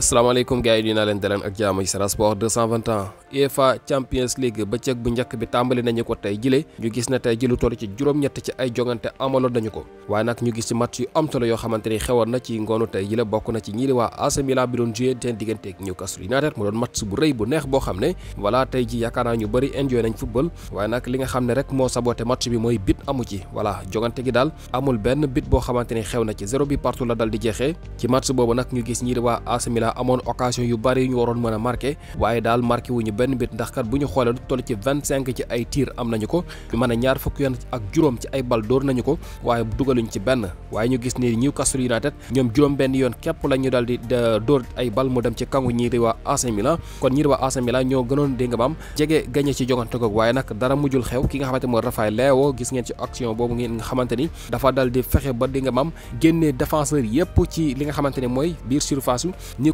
Assalamualaikum gars yi nuyu naa leen daleen ak jaamu ci rasport 220 e Champions League bëccëg bu ñak bi tambali nañu ko tay jilé ñu gis na tay jilu lu ci juroom ñett ci ay jogante amaloon dañu ko waaye nak ñu gis ci match yu am solo yo xamanteni xewon na ci ngonu tay jilé bokk na ci ñii di AC Milan bi doon jué seen digënté ak Newcastle United mu doon match bu reuy bu neex bo xamné wala tay ji ñu bari enjoy nañ football waaye nak li nga xamné rek mo saboté match bi moy bit amu ci wala jogante gi dal amul benn bit bo xamanteni xew na ci zéro bi partout la dal di jexé ci match bobu nak ñu gis AC Milan amoon occasion yu bari ñu waroon mën a marqué waaye daal marqué wu ñu benn bit ndax kat bu ñu xoolee lu toll ci vingt cinq ci ay tir am nañu ko mën a ñaar fukki yoon ak juróom ci ay bal dóor nañu ko waaye dugaluñ ci benn waaye ñu gis ni Newcastle United ñoom juróom benn yoon képp la ñu daal di dóor ay bal mu dem ci kangu ñii di waa AC Milan kon ñii di waa AC Milan ñoo gënoon dégg nga maam jege gañe ci jogante ko waaye nag dara mujjul xew ki nga xamante mooy Rafael Leao gis ngeen ci action boobu ngeen nga xamante ni dafa dal di fexe ba di nga maam génnee défenseur yépp ci li nga xamante ne mooy biir surface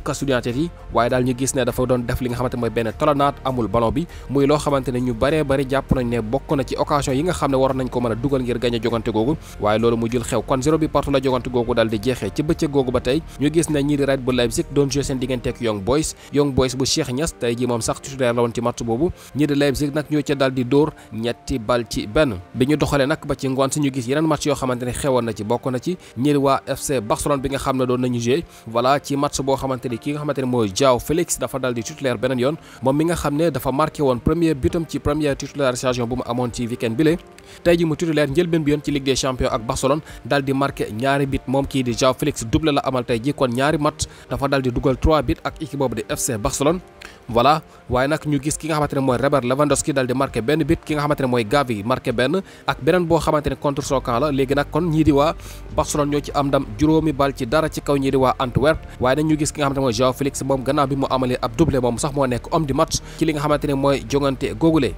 kasu waaye daal ñu gis ne dafa doon def li nga xamante mooy benn tolonaat amul ballon bi muy loo xamante ñu baree bari jàpp nañ ne bokk na ko mën a dugal ngir gañ jogante googu waaye loolu mu jul xew kon zéro partout la jogante googu daal di jeexee ci bëccëg googu ba tey ñu gis ne ñii di Red Leipzig doon joué seen diggante Young Boys Young Boys bu Cheikh Niass tey ji moom sax titulaire la woon ci match boobu ñii Leipzig nag ñoo ca daal di dóor ki nga xamante ne mooy Joao Félix dafa dal di titulaire beneen yoon moom mi nga xam ne dafa marqué woon premier butam ci première titularisation bu mu amoon ci weekend bile tey ji mu titulaire njëlbeen bi yoon ci Ligue des champions ak Barcelone dal di marqué ñaari bit moom kii di Joao Félix double la amal tey ji ñaari mat dafa dal di dugal 3 bit ak équipe boobu di FC Barcelone voilà waaye nag ñu gis ki nga xamante ne mooy Robert Lewandowski dal di marqué benn bit ki nga xamante ne mooy Gavi marqué benn ak beneen boo xamante ne contre son camp la léegi nag kon ñii di waa Barcelone ñoo ci am ndam juróomi bal ci dara ci kaw ñii waa Antwerp waaye nag ñu gis ki nga xamante ne mooy Joao Félix moom gannaaw bi mu amalee ab doublé moom sax moo nekk homme match ci li nga xamante ne mooy jongante googule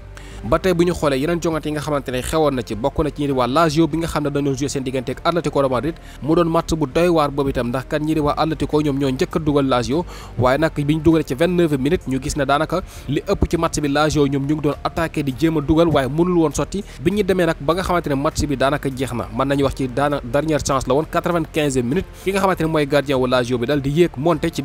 ba tey bu ñu xoolee yeneen jongante yi nga xamante ne xewoon na ci bokk na ci ñi di waa Lazio bi nga xam ne dañoo joué seen diggante ak de Madrid mu doon match bu doy waar boobu itam ndax kat ñi di waa Atlético ñoom ñoo njëkk a dugal Lazio waaye nag bi ñu dugalee ci 29 minutes ñu gis ne daanaka li ëpp ci match bi Lazio ñoom ñu doon attaqué di jéem a dugal waaye mënul woon sotti bi ñu demee nag ba nga xamante ne match bi daanaka jeex na mën nañu e minute ki nga xamante ne mooy gardien wu Lazio bi dal di yéeg monté ci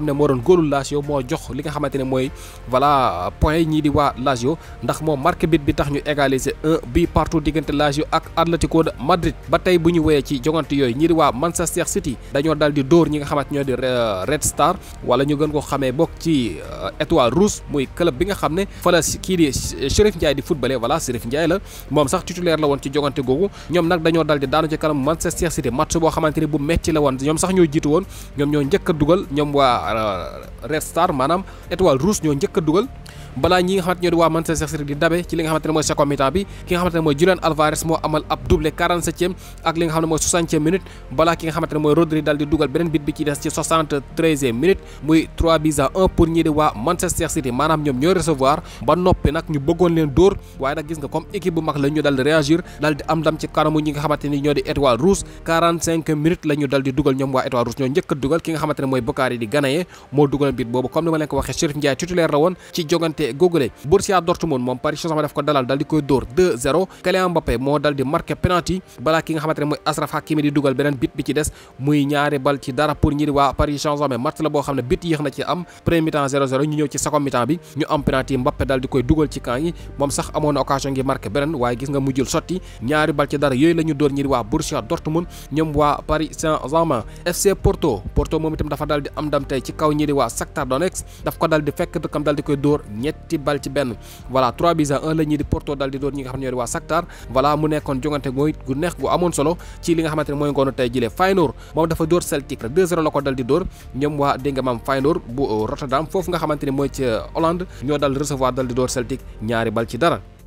ne moo doon góolu Lazio Lazio moo jox li nga xamante ne mooy voilà point yi di waa Lazio ndax moom marqué bit bi tax ñu égaliser un bi partout diggante Lazio ak Atlético de Madrid ba tey bu ñu woyee ci jogante yooyu ñii di waa Manchester City dañoo daal di dóor ñi nga xamante ñoo di euh, Red Star wala ñu gën ko xamee bokk ci euh, étoile rouge muy club bi nga xam ne fa la kii di euh, Chérif Ndiaye di footballé voilà Chérif Ndiaye la moom sax titulaire la woon ci jogante googu ñoom nag dañoo daal di Star maanaam étoile ruus ñoo njëkk a dugal balaa ñi nga xamante ñoo di waa Manchester City di dabe ci li nga xamante ne mooy second bi ki nga xamante ne mooy Julian Alvarez moo amal ab doublé 47e ak li nga xam ne mooy 60e minute ki nga xamante ne mooy Rodri dal di dugal beneen bit bi ci des ci 73e minute muy 3 buts à 1 pour ñi di waa Manchester City maanaam ñoom ñooy recevoir ba noppi nag ñu bëggoon leen dóor waaye nag gis nga a dugal ki jongante googule Dortmund moom Paris Saint-Germain ko dalal dal di koy dóor 2-0 moo dal di marqué penalty balaa ki nga xamante ne mooy Ashraf Hakimi di dugal beneen bit bi ci des muy ñaari bal ci dara pour ñi waa Paris Saint-Germain la boo xam ne bit yéex na ci am premier mi-temps 0 ñu ñëw ci second mi bi ñu am penalty Mbappé dal di koy dugal ci camp yi moom sax amoon na occasion ngi marqué beneen waaye gis nga mujjul sotti ñetti bal ci benn voilà 3 buts à di Porto dal di doon ñi nga xam ne ñoo di waa Shakhtar voilà mu nekkoon jongante mooy gu neex gu amoon solo ci li nga xamante ne mooy ngoonu tey jilee Feyenoord moom dafa dóor Celtic rek 2-0 la ko dal di dóor ñoom waa dégg nga maam Feyenoord bu Rotterdam foofu nga xamante ne mooy ci Hollande ñoo dal recevoir dal di dóor Celtic ñaari bal ci dara